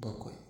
不贵。